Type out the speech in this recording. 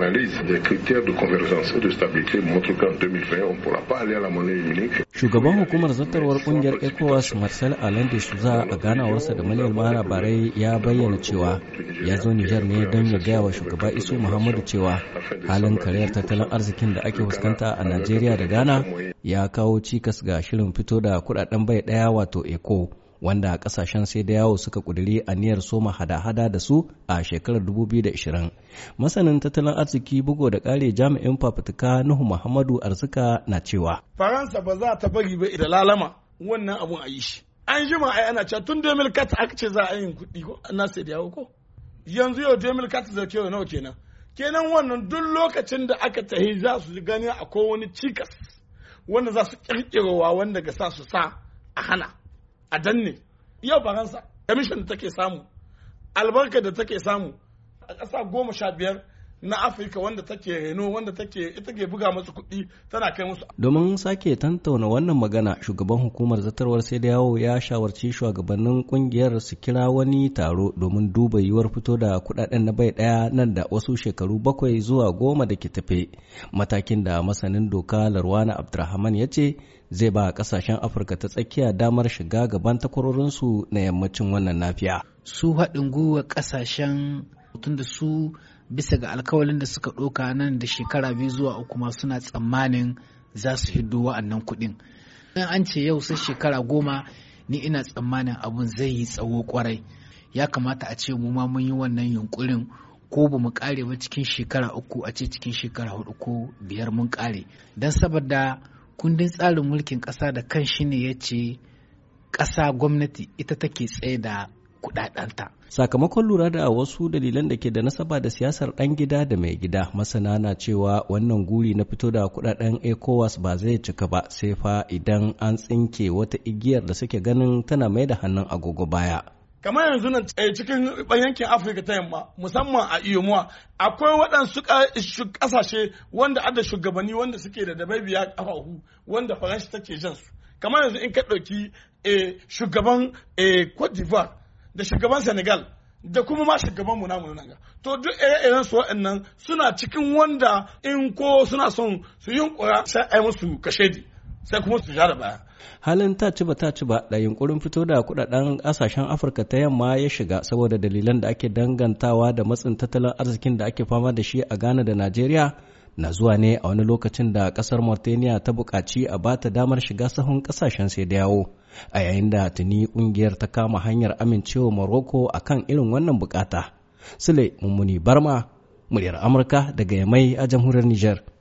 l'analyse des critères de convergence et de stabilité montre qu'en 2020, on ne pourra pas aller à la monnaie unique. Shugaban hukumar zartarwar kungiyar ECOWAS Marcel Alain de Souza a ganawarsa da Mara labarai ya bayyana cewa ya zo Nijar ne don ya gaya wa shugaba Isu Muhammadu cewa halin karyar tattalin arzikin da ake fuskanta a Najeriya da Ghana ya kawo cikas ga shirin fito da kudaden bai daya wato ECO. wanda kasashen sai da yawo suka kuduri aniyar soma hada-hada da su a shekarar 2020 masanin tattalin arziki bugu da kare jami'in fafutuka nuhu muhammadu arzika na cewa faransa ba za ta bari ba idan lalama wannan abun a yi shi an ji ai ana cewa tun 2004 aka ce za a yin kuɗi ko na nasa da yawo ko yanzu yau 2004 da kewa nawa kenan kenan wannan duk lokacin da aka tahi za su gani akwai wani cikas wanda za su kirkirowa wanda ga sa su sa a hana a danne yau faransa kamishin da take samu albarka da take samu a ƙasa goma sha biyar na afirka wanda take reno wanda take ita ke buga masu kuɗi tana kai musu domin sake tantauna wannan magana shugaban hukumar zatarwar sai da yawo ya shawarci shugabannin kungiyar su kira wani taro domin duba yiwuwar fito da kuɗaɗen na bai ɗaya nan da wasu shekaru bakwai zuwa goma da ke tafe matakin da masanin doka larwana abdulrahman ya ce zai ba kasashen afirka ta tsakiya damar shiga gaban takwarorinsu na yammacin wannan nafiya su haɗin gwiwa kasashen da su bisa ga alkawalin da suka ɗoka nan da shekara biyu zuwa uku ma suna tsammanin za su hiddo wa'annan kuɗin idan an ce yau sai shekara goma ni ina tsammanin abun zai yi tsawo kwarai ya kamata a ce mu ma mun yi wannan yunkurin ko ba mu kare ba cikin shekara uku a ce cikin shekara hudu ko biyar mun kare don saboda kundin tsarin mulkin ƙasa da kan shi ne ya ce ƙasa gwamnati ita take tsaye da kudadanta sakamakon lura da wasu dalilan da ke da nasaba da siyasar dan gida da mai gida masana na cewa wannan guri na fito da kudaden ecowas ba zai cika ba sai fa idan an tsinke wata igiyar da suke ganin tana mai da hannun agogo baya kamar yanzu nan eh, cikin yankin afirka ta yamma musamman a iyomuwa akwai waɗansu ƙasashe wanda ada shugabanni wanda suke da dabaibiya ƙafafu wanda faransa take jansu kamar yanzu in ka ɗauki eh, shugaban eh, cote d'ivoire da shugaban Senegal da kuma ma shugaban mu namu nan to duk ire-iren su waɗannan suna cikin wanda in ko suna son su yi kura sai ai musu kashedi sai kuma su jara baya halin ta ci ba ta ci ba da yunkurin fito da kudaden kasashen afirka ta yamma ya shiga saboda dalilan da ake dangantawa da matsin tattalin arzikin da ake fama da shi a ghana da najeriya na zuwa ne a wani lokacin da ƙasar Mauritania ta buƙaci a bata damar shiga sahun kasashen sai da yawo a yayin da tuni ƙungiyar ta kama hanyar amincewa Morocco a kan irin wannan bukata. Sule Mummuni Barma, muryar Amurka daga Yamai a jamhuriyar Nijar.